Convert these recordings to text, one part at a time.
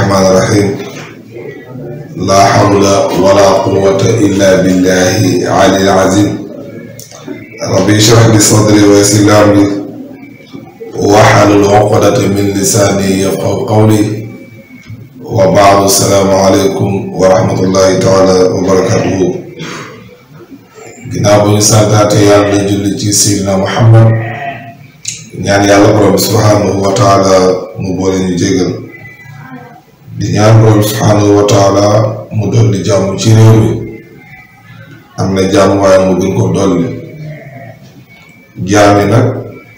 الرحمن الرحيم لا حول ولا قوة إلا بالله العلي العظيم ربي اشرح لي صدري ويسر لي أمري واحلل عقدة من لساني يفقهوا قولي وبعد السلام عليكم ورحمة الله تعالى وبركاته ginnaaw bu ñu santaate yàlla julli ci Seydina Muhammad ñaan yàlla borom subhanahu wa taala mu boole ñu jégal di ñaan borom subhaanahu wa taala mu dolli jàmm ci réew mi am na jàmm waaye mu gën ko dolli jaami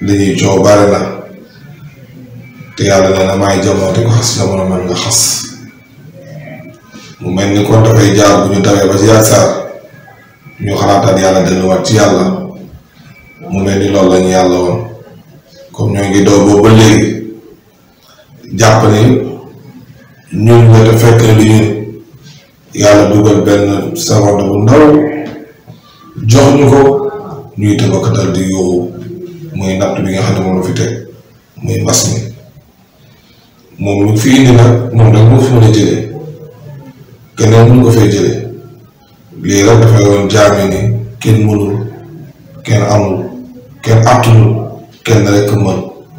li ñuy coow na te yàlla nee na maay jamono te ko xas jamono man nga xas mu mel ni kon dafay jaar bu ñu tawee ba ci yaakaar ñu xalaataat yàlla delluwaat ci yàlla mu mel ni loolu lañu yàlla woon comme ñoo ngi doo boobu ba jàpp ni ñun nga te fekk na dañu yàlla dugal benn savant bu ndaw jox ñu ko ñuy tëbaka dal di yóowu muy natt bi nga xam ne moom la fi teg muy mbas mi moom lu fi indi a jëlee keneen ko fay jëlee lii rek dafay woon jaame kenn mënul kenn amul kenn attunul kenn rek mën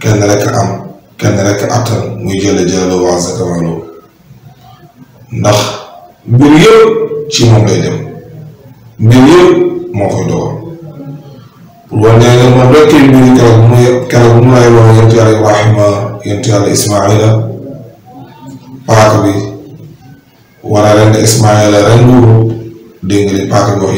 kenn rek am kenn rek attan muy jële jële waa Zakamalou ndax mbir yëpp ci moom lay dem mbir yëpp moo koy dogal pour wane ne moom kay mbiri keroog mu keroog mu lay wax yontu yàlla Ibrahima yontu yàlla Ismaila paaka bi wala ren Ismaila ren wuru dégg nga li paaka bi wax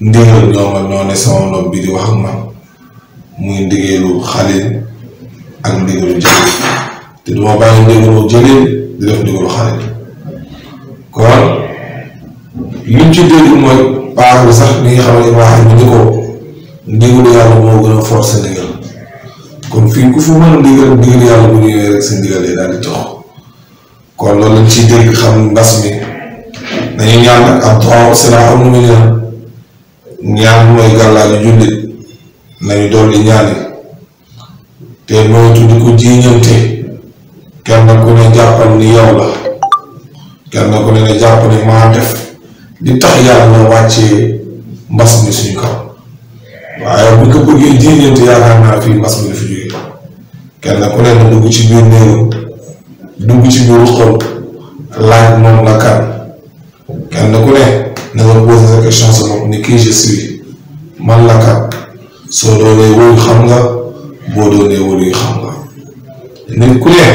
yontu yàlla sama nopp bi wax ak muy ndigalu Xalil ak ndigalu Jibril te du ma bàyyi njëgëru jëleen di def njëgëru xarit kon liñ ci dégg mooy baaxul sax li xam ne baax bi ni ko ndigalu yàlla moo gën a force sa xam mbas mi dañuy ñaan nag mooy gàllaayu jullit nañu doon di ñaani te moytu di ko jiiñante kenn ku ne jàppal ni yow kenn ku ne ne jàpp maa def li tax yàlla wàccee mbas mi suñu kaw waaye bu ko bëggee jéeñeent yaakaar naa fii mbas mi dafa jógee kenn ku ne na dugg ci biir néeru dugg ci biir xol laaj moom la kan kenn ku ne na nga posé sa question sa bopp ni kii je suis man la soo doonee wóolu xam nga boo doonee wóolu xam nga nit ku ne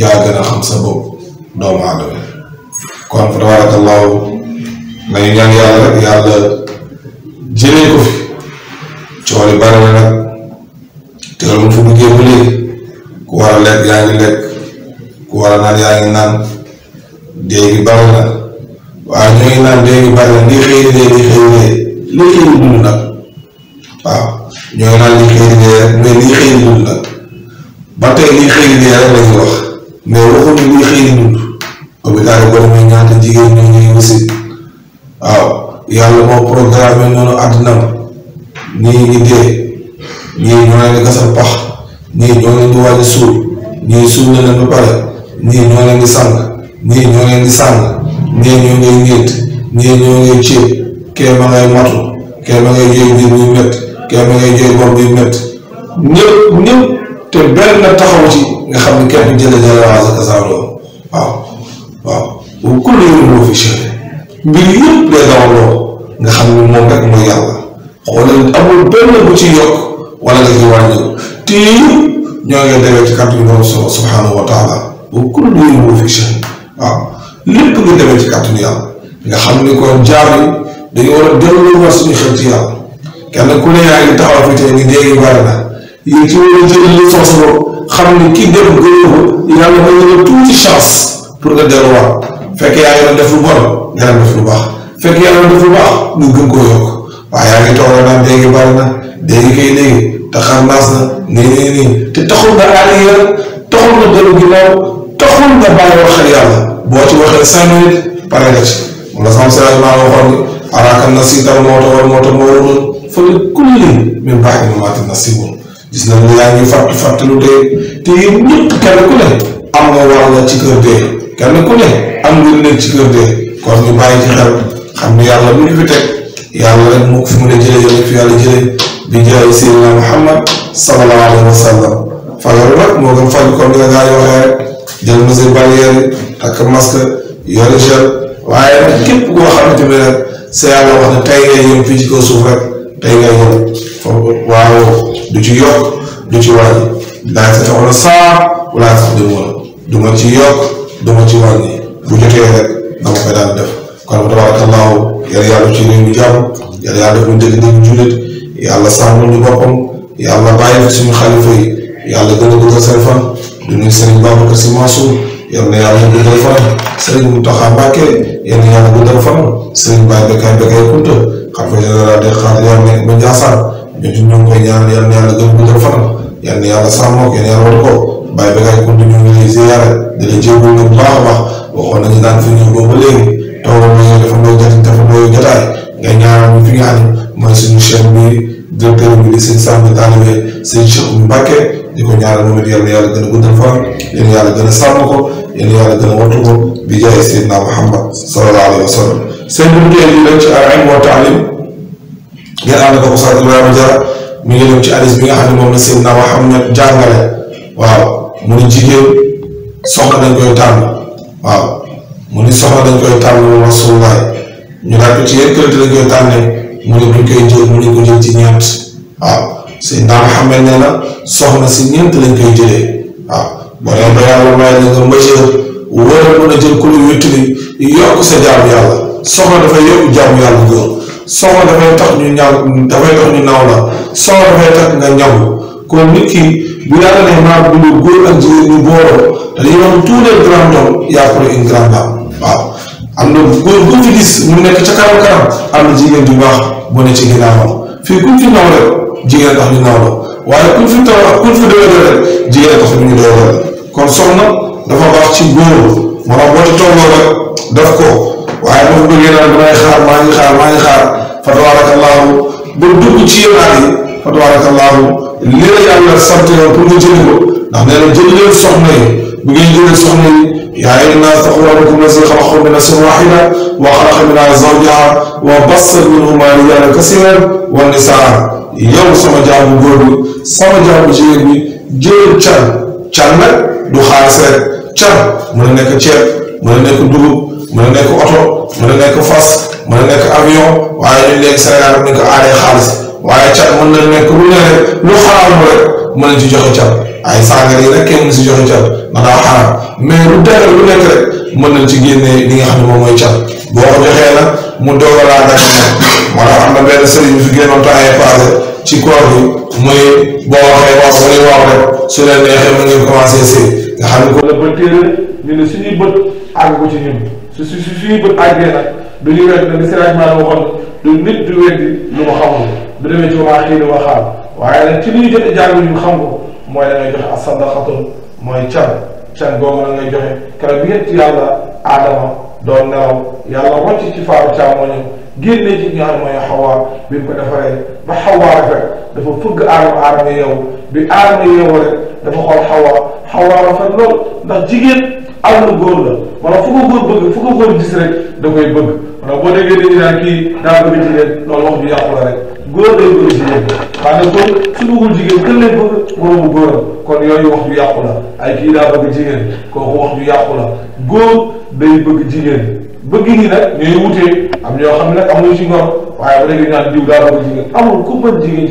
yaa gën a xam sa bopp doomu aadama kon fa tabaarakallaahu nañu ñaan yàlla rek yàlla jëlee ko fi coono yi bari nag te loolu fu duggee ba léegi ku war a lekk yaa ngi lekk ku war a naan yaa ngi naan dee gi bari na waaye ngi naan dee ngi naan li xëy dee mais li xëy nag ba tey li xëy dee rek lañuy wax. mais waxuñu luy xëy na dund hôpital yi bari na ñaata jigéen ñoo ñuy wasin waaw yàlla moo programme noonu àddinam ñii ngi dee ñii ñoo leen di pax ñii ñoo leen di wàññi suul ñii na leen pare ñii ñoo leen di sàng ñoo leen di sàng ñoo ngay ñeent ñii ñoo ngay ceeb kee ma matu kee ma jooy biir buy mett kee ma jooy bopp buy mett ñëpp ñëpp te benn taxaw ci nga xam ne képp jëlee jëlee waaw sa waaw waaw bu ku ne moo fi mbir yëpp day daw loolu nga xam ne moom rek mooy yàlla xoolal amul benn bu ci yokk wala nga ci wàññi te ñoo ngi demee ci kàttu borom subhanahu wa taala bu ku ne moo nga demee ci kàttu yàlla nga xam ni kon jaar yi dañu war a delloo war suñu xel ci yàlla kenn ku ne yaa fi tey ni dee gi bari na yéen ci wàllu jëli force boobu xam ni ki dem gënu ko yàlla may na tuuti chance pour nga delluwaat fekk yaa ngi def lu yaa ngi def lu baax ñu gën koo yokk waaye yaa ngi toog naan léegi bari na léegi kay léegi te xarnaas na nii nii nii te taxul nga arrière taxul nga dellu ginnaaw taxul nga bàyyi waxal yàlla boo ci waxee cinq minutes pare nga ci moom la sama sëriñ moo taxoon moo tax moo waroon kulli min baax na maati na si gis nañ ne yaa ngi fàttu fàttalu dee te yéen ñëpp kenn ku ne am nga war la ci kër dee kenn ku ne am nga nekk ci kër dee kon ñu bàyyi ci xel xam ne yàlla mu ngi fi teg yàlla rek moo ko fi mu ne jëlee yàlla fi yàlla jëlee bi jaay Seydina Muhammad sallallahu alayhi wa sallam fajaru nag moo gën faju comme ni rek jël mesure barrière yi takk masque yore gel yàlla wax ne tey ngay yem fii ci suuf rek tey ngay yokk waaw du ci yokk du ci wàññi laaj sa saa wala du ma du ma ci yokk du ma ci wàññi bu jotee rek dama koy daal def kon bu tabaarakallaahu yàlla yàlla ci réew mi jàmm yàlla yàlla def ñu dégg dégg jullit yàlla sàmmal ñu boppam gën a dëggal seen fan du nuyu Serigne Babacar Sy Mansour yal na yàlla guddal fan Serigne Mountakha Mbacké yal na yàlla guddal fan Serigne Baye Bécaye Bécaye Kounta xalifa général de Xaadir yàlla nekk ba Njaasaan ñu ngi koy ñaanal yal na yàlla gën guddal fan yal na yàlla sàmm ak yal na yàlla war ko bàyyi ba ngay gudd ñu ngi lay ziyaare di la jéego bu baax a baax waxoon nañu daan fi ñëw boobu ba léegi toolam ñu defandoo jot defandoo jotaay nga ñaanal ñu fi nga xam ne mooy suñu chef bi directeur bi di sëñ Samb Taalibe sëñ Cheikh Mbacke di ko ñaanal moom it yal na yàlla gën a guddal fan yal na yàlla gën a sàmm ko yal na yàlla gën a wattu ko bi jaay Seydina Muhammad sallallahu alayhi wa sallam seen bunteel yi ci bi nga xam ne moom la Seydina Muhammad jàngale waaw mu ni jigéen soxna dañ koy tànn waaw nee na soxna si ñeent lañ koy jëlee boo dee ba may la nga majeur wala mën a jël ku lu wéttali yokk sa jaam yàlla soxla dafay yóbbu jaamu yàlla góor soxla dafay tax ñu ñaaw la soxla dafay tax nga ñaw kon nit ki bu ne maa bindu góor ak jigéen ñu booloo dañuy wax tous les grands hommes y a ne ci ginnaawam la waaye ku fi taw ak ku fi doyoo rek jigéen tax ñu doyoo kon soxna dafa baax ci góor moo tax boo ci rek def ko. waaye dafa bëggee naan damay xaar maa ngi xaar maa ngi xaar fa tabarakallahu ba dugg ci yénaat yi fa tabarakallahu li la yàlla sant yow pour nga jëli ko ndax nee na jëli leen soxna yi bu ngeen jëlee soxna yi yaa ayyuha nnaas ittaqu rabbakum allazii xalaqakum min nafsin waahida wa xalaqa minhaa zawjahaa wa bassa minhumaa rijaalan kasiiran wa nisaa yow sama jaamu góor bi sama jaamu jigéen bi jëlal can can nag du xaalis rek can mën na nekk ceeb mën na nekk dugub mën na nekk oto mën na nekk fas mën a nekk avion waaye ñun léegi Sénégal dañ ko aaree xaalis waaye cat mën na nekk lu ne rek lu xaraam rek rek kenn si joxe cat na nekk mën nañ ci génnee li nga xam ne moom mooy cat boo ko joxee nag mu doog a laaj wala am na benn sëriñ fi génnoon temps yii passé ci koor bi muy boo waxee wax wala waaw rek su leen neexee mën ngeen commencé see nga xam ne ko la bëtt ñu ne suñuy bët àgg ko ci ñun. su su suñu bët àggee nag du ñu wet na li Sëriñ Maam waxoon du nit du weddi lu ma xamul du demee ci waa xii lu ma xaal waaye nag ci li jot a jàng ñu xam ko mooy da ngay joxe asadaxatun mooy can can googu la ngay joxe keroog bi yëpp ci yàlla aadama doon nelaw yàlla rocc ci faaru càmmoñam génne ci nga xam mooy a bi mu ko defaree ba xawaa rafet a fëgg aadama aadama yow bi aadama yow rek dafa xool xawaa xawaa rafet lool ndax alalu góor la maanaam fu ko góor bëgg fu ko góor gis rek da koy bëgg maanaam boo déggee dañu naan kii daa bëgg jigéen loolu wax ju yàqu la rek góor day bëgg jigéen maanaam kon su bëggul jigéen kën lay bëgg moroomu góoram kon yooyu wax ju yàqu la ay kii daa bëgg jigéen kooku wax ju yàqu la góor day bëgg jigéen bëgg gi nag ñooy am ñoo xam ne nag amuñu ci ngor waaye ba léegi ñu naan diw daa bëgg jigéen amul ku mën jigéen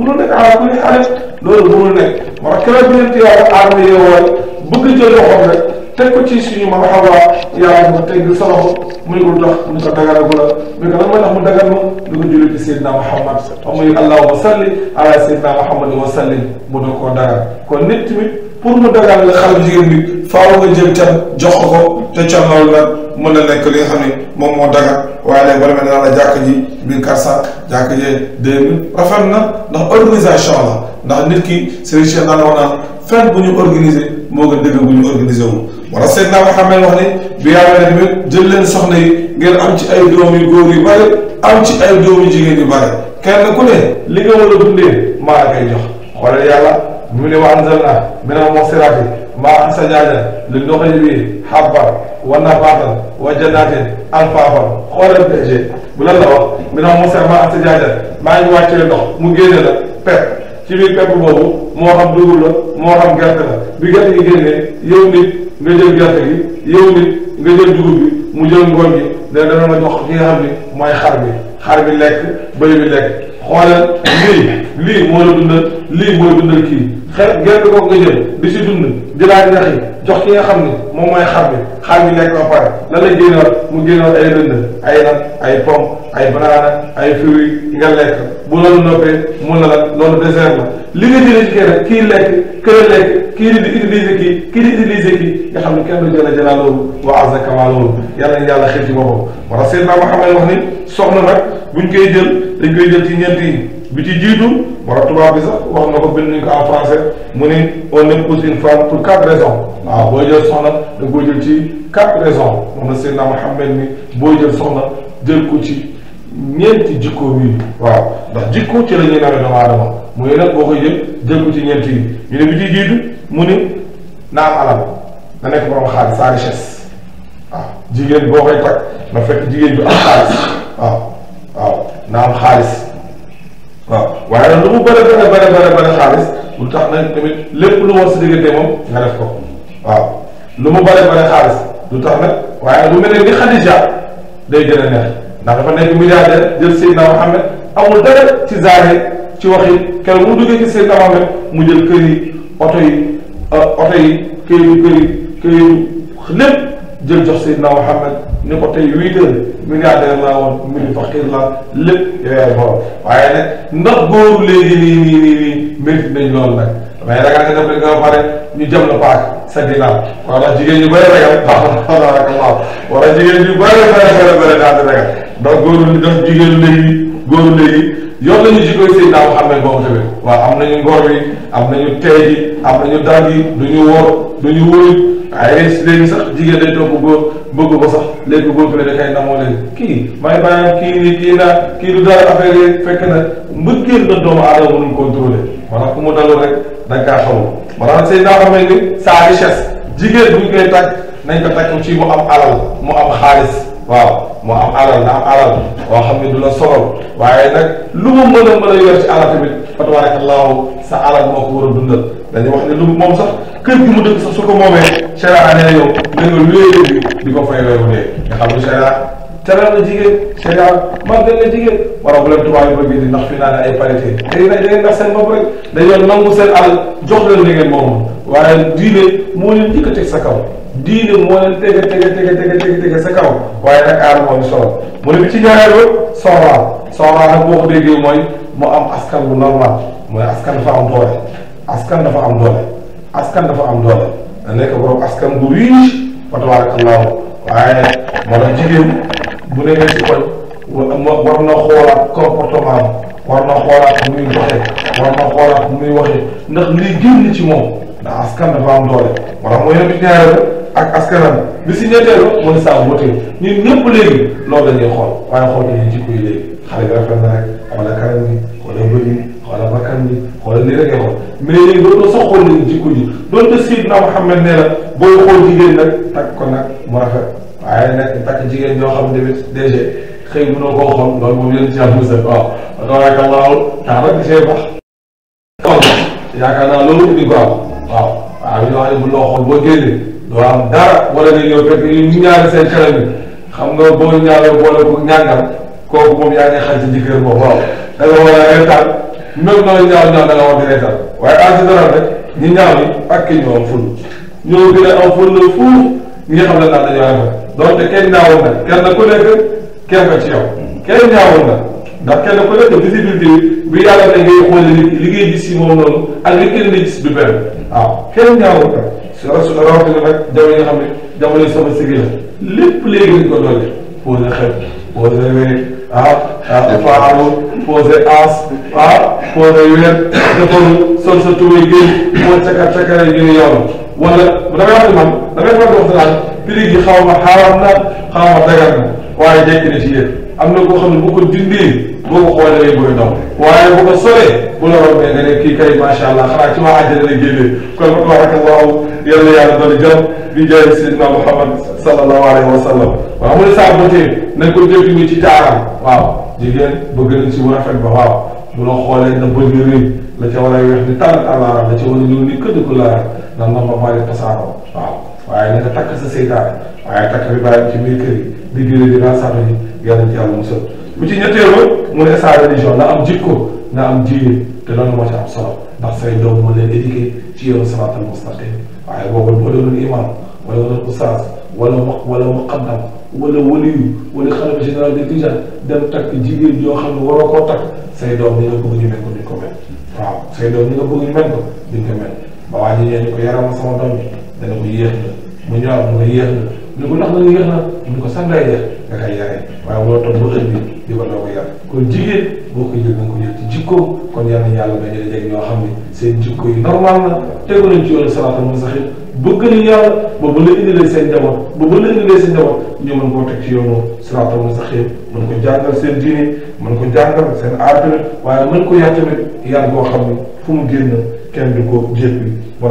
mënul nekk ala kulli xaalis loolu mënul nekk moo tax keroog bi ci yàlla aadama yeewoo bëgg jël ko ci suñu ma xawaa yàlla ma tegg sa loxo muy ko dox mu ko dagal bu la mais que lan moo tax mu dagal ma lu ko julli ci Seydina Muhammad xam muy allahuma salli ala Seydina Muhammad wa sallim mu doon koo dagal kon nit tamit mu dagal la xale jigéen bi faaw nga jël cat jox ko ko te ca loolu nag mën na nekk li nga xam ne moom moo dagat waaye léegi bala mel ne la jàkk ji mille quatre cent jàkk ji deux mille rafet na ndax organisation la ndax nit ki Serigne Cheikh naan wax naan bu ñu organiser moo gën dëgg bu ñu organiser wu. wala seen naa ko xamee wax ne bi yàlla tamit jël leen soxna yi ngeen am ci ay doom yu góor bare am ci ay doom yu jigéen yu bare kenn ku ne li nga war a dundee maa la koy jox xoolal yàlla mu wa anzalna mina al-muhsinati maa sajaaja li ndoxoy wii xabba wa nabaatan wa janaatin alfaafan xoolal DG bu lan wax mi ne moom sax maa sajaaja maa ngi wàccee ndox mu génne la ci biir pepp boobu moo xam dugub la moo xam gerte la bi gerte gi génnee yow nit nga jël gerte gi yow nit nga jël dugub mu jël ngooñ gi ne dana nga jox ki nga ni mooy xar bi xar bi lekk bëy bi lekk xoolal lii lii moo la dundal lii mooy dundal kii xeet gerte googu nga jël bi si dund di laaj ñax yi jox ki nga xam ne moom mooy xar bi xar bi lekk ba pare la lay mu génnoon ay ay nag ay pomme bu loolu noppee mun na la loolu désert la li ci kii rek kii lekk kële lekk kii di utiliser kii kii di utiliser kii nga wa azza kamaa loolu yàlla yàlla xëy a Seydina Muhammad wax ni soxna nag buñ koy jël dañ koy jël ci ñeent bi ci jiitu borom tubaab bi sax wax na ko bind a ko en français o ne on épouse une femme pour quatre raisons waaw booy jël soxna da nga koy jël quatre raisons moom la Seydina Mouhamed ni booy jël soxna jël ko ci ñeenti jikkoom yi waaw ndax jikko ci la ñuy nawe doomu aadama mu ne nag boo koy jël jël ko ci ñeenti yi ñu ne bi ci jiitu mu ne na am alal na nekk borom xaalis sa richesse waaw jigéen boo koy takk na fekk jigéen bi am xaalis waaw na am xaalis waaye nag lu mu bëri bëri bëri bëri bëri xaalis lu tax nag tamit lépp lu war si diggante moom nga def ko waaw lu mu bëri bëri xaalis lu tax nag waaye lu mel ne ni Xadija day gën a neex ndax dafa nekk milliardaire jël Seydina Mohamed amul dara ci ci wax yi keroog mu duggee mu jël kër yi oto yi euh, oto yi kër yi kër yi kër jël jox Seydina Muhammad ni ko tey huit heures milliardaire laa woon mu ni faqiir laa lépp la paak sa ginnaaw waaw ndax jigéen ñu bëri ragal tabaarakallah wala ñu bëri bëri bëri bëri daal di ragal ndax góor li def ñu jikkoy Seydina Muhammad boobu tamit waaw am nañu am nañu tey ji am nañu dal yi du ñu wóor du waaye léegi sax jigéen day topp góor bëgg ko sax léegi góor bi da kay namoo léegi kii may bàyyam kii nii kii naa kii du dara affaire yi fekk na mbëggeel na doomu aadama mënul contrôler maanaam ku mu dalul rek da nga kaa xamul maanaam sëy naa xamee ni sa richesse jigéen bu ñu koy tàkk nañ ko tàkk ci mu am alal mu am xaalis waaw mu am alal na alal boo xam ne du la sonal waaye nag lu mu mën a mën a yor ci alal tamit fa sa alal moo ko war a dañuy wax ne lu moom sax kër gi mu dëkk sax su ko moomee Sénégal nee na yow nga nga luyee bi di ko fay looy wutee nga xam ne Sénégal teral na jigéen Sénégal màggal na jigéen wala bu leen tubaab yi bëgg di ndax fi naa ne ay parité dañuy dañ leen ndax seen bopp rek dañoo nangu seen àll jox leen li ngeen moom waaye diine moo leen jëkk a teg sa kaw diine moo leen tege tege tege tege tege tege sa kaw waaye nag aar moo ñu solo mu ne bi ci ñaareelu soxlaa soxlaa nag boo ko déggee mooy mu am askan bu normal mooy askan fa am doole askan dafa am doole askan dafa am doole da nekk borom askan bu riche fa tabarakallahu waaye moo tax jigéen bu nekkee si koñ war na xoolaat comportement war na xoolaat bu muy doxee na xoolaat bu muy waxee ndax lii génn ci moom ndax askan dafa am doole moo tax mooy yëpp ñaareel ak askanam bi si ñetteelu mooy sa voté ñun ñëpp léegi loolu la ñuy xool waaye xool nañu jikko yi léegi xale bi rafet na rek wala kanam bi xoola bakkan bi xoolal ni rek xool mais léegi dootoo xool leen jikko ji doonte Seydina Muhammad nee la booy xool jigéen nag takk ko nag mu rafet waaye nag takk jigéen ñoo xam tamit DG xëy mënoo koo xool loolu moom yéen ci am musal waaw tabarakallahu taala di see bax kon yaakaar naa loolu indi ko am waaw waaw ñoo xam ne bu loo xool boo génnee doo am dara wala nga ñëw fekk ñu ñaari seen xelal bi xam nga boo ñaaree boole ko ñàngal kooku moom yaa ngi xal ci jëkkër moom waaw da nga war a même bala ñaaw ñaaw da nga wax dina dal waaye en général rek ñi ñaaw ñi ak ñoo am ful ñoo gën a am ful la fuuf ñi nga xam ne daal dañoo rafet donte kenn ñaawoon na kenn ku nekk kenn ko ci yow kenn ñaawoon na ndax kenn ku nekk visibilité bi yàlla na ngay xool li li ngay gis si moom noonu ak li kenn di gis du benn waaw kenn ñaawoon na su rawatina nag jamono yi nga xam ne jamono yi sama sigi la lépp léegi lañ ko dolli posé xel posé wéer ah ah dafa amoon posé as ah posé wér defaru sol sa tubéy génn mooy cakar cakar yi ñu yow wala damay wax man damay faral di wax ma waaye jekk na am na ko dindee boo ko waaye bu ko solee bu la rombee nga kay macha allah xanaa ci waa àjjana la génnee kon ma ko wax ak yal na yàlla doon jot bi jaay Seydina Muhammad sallallahu alayhi wa sallam waaw mu sa beauté ko jëkk ci taaram waaw jigéen bëgg nañ ci rafet ba waaw bu la xoolee na bëgg rëy la ca war a ni tànn tàllaara la ca war a ñëw ni këdd ku laara nan la ma bàyyi waaye na nga takk sa seytaane waaye takk bi bàyyi ci biir kër yi di gëré di ransatu yi yàlla ci ci ñetteelu mu ne sa religion na am jikko na am diine te loolu moo am solo ndax say doom moo leen ci yoonu siraatal mustaqim waaye boobal boo doonoon imam wala wala oustaz wala wala muqaddam wala waliyu wala xalifa dem takk jigéen joo xam ne waroo koo takk say doom ni nga bëgg ñu mel ko duñ ko mel say doom ni nga bëgg ñu mel ko duñ ko mel ba waa ji ni ko yarama sama doom yi dana ko yéex na mu ñëwaat mu nga yéex na ñu ko ndax na nga yéex na ko sax ngay yéex nga di ko doo ko kon yal na yàlla bañ a dajeg ñoo xam ne seen jikko yi normal na tegu nañ ci yoonu salaatal mustaqiim bëgg nañ yàlla ba ba la indilee seen njaboot ba ba la indilee seen njaboot ñu mën koo teg ci yoonu salaatal mustaqiim mën ko jàngal seen diine mën ko jàngal seen aar tamit waaye mën ko yar boo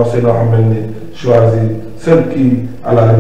seen loo xam ne choisir celle qui à la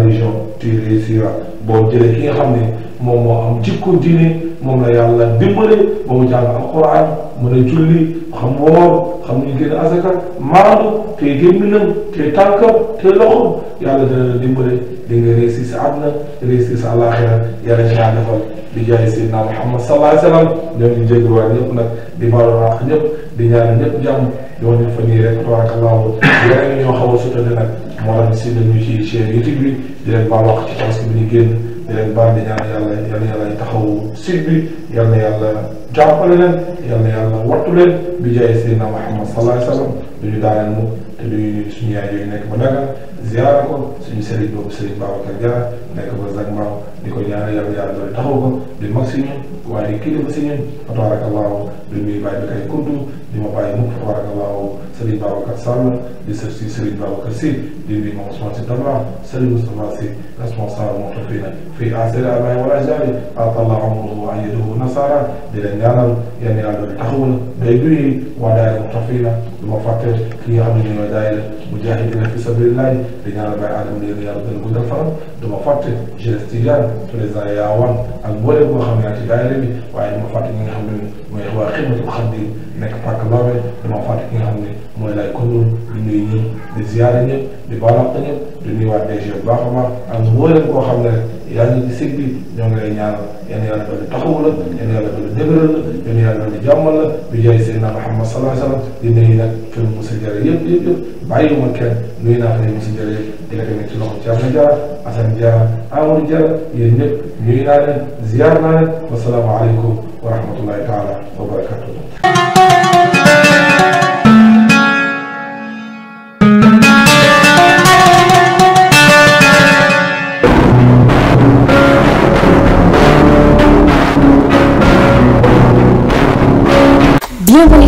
boo jëlee ki xam ne moom moo am jikko diine moom la yàlla dimbale ba mu jàng alquran mën a julli xam woor xam nañ génn asaka maandu te gémminam te tànkam te loxom yàlla dina la dimbale di nga réussir sa àdduna réussir sa àllaaxira yàlla ci yàlla defal di jaay Seydina Muhammad sallallahu alayhi wa sallam ñoo ngi jéggi waa ñëpp nag di baal wax ñëpp di ñaan ñëpp jàmm ñoo ñu fa nii rek tabarakallahu yeneen ñoo xaw a sutante nag moo tax si dañu ci chaîne YouTube bi di leen baal wax ci task bi ñu di leen baal di ñaan yàlla yal na yàlla taxawu site bi yal na yàlla jàppale leen yal na yàlla wattu leen bi jaay Seydina Muhammad sallallahu alayhi wa sallam du ñu daaneel mu te du suñu yaay yooyu nekk ba naka ziyaara ko suñu sëriñ boobu sëriñ Babacar Diarra nekk ba Zag Mbao di ko ñaan yàlla yàlla doon taxaw ko di mag si ñun waaye kii dafa si ñun fa tabaarakallahu du ñuy bàyyi kay kuddu di ma bàyyi mukk tabaarakallaahu Serigne Babacar Sall di sër si Serigne Babacar Sy di nuyu ma Ousmane Sy Dabakh Serigne Moustapha Sy responsable moo tax fii nag fii wa ayyidahu nasara di leen ñaanal yenn yàlla taxawu na day duyi waa daayira moo tax fii ma fàtte ki nga xam ne ñooy daayira mujahidina fi di ñaanal Baye Adama leen yàlla gën a guddal fanam ma fàtte ma fàtte mooy waa Xidmatul Xaadim nekk Pàcc Laabe dama fàtte ki nga lu ne mooy lay konul di nuyu ñi di ziyaare ñëpp di baalaat ñëpp di nuyuwaat DG baax a baax ak mboolem koo xam ne yaa ngi ci sëñ bi ñoo ngi lay ñaanal yéen yàlla doon taxawu la yéen yàlla doon dëgëral la yéen yàlla doon jàmmal la bi jaay Seydina Muhammad sallallahu alayhi wa sallam di nuyu nag kër Moussa Diarra yëpp yëpp yëpp bàyyiwuma kenn nuyu naa kër Moussa Diarra di nga demee ci loxo Thierno Diarra Assane Diarra Amadou Diarra yéen ñëpp nuyu naa leen ziar naa leen wasalaamualeykum wa rahmatullahi taala wa barakatuh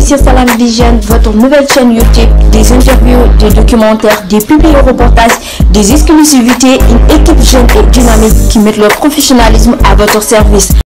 bienvenue sur Salam Vision, votre nouvelle chaîne YouTube, des interviews, des documentaires, des publi-reportages, des exclusivités, une équipe jeune dynamique qui met leur professionnalisme à votre service.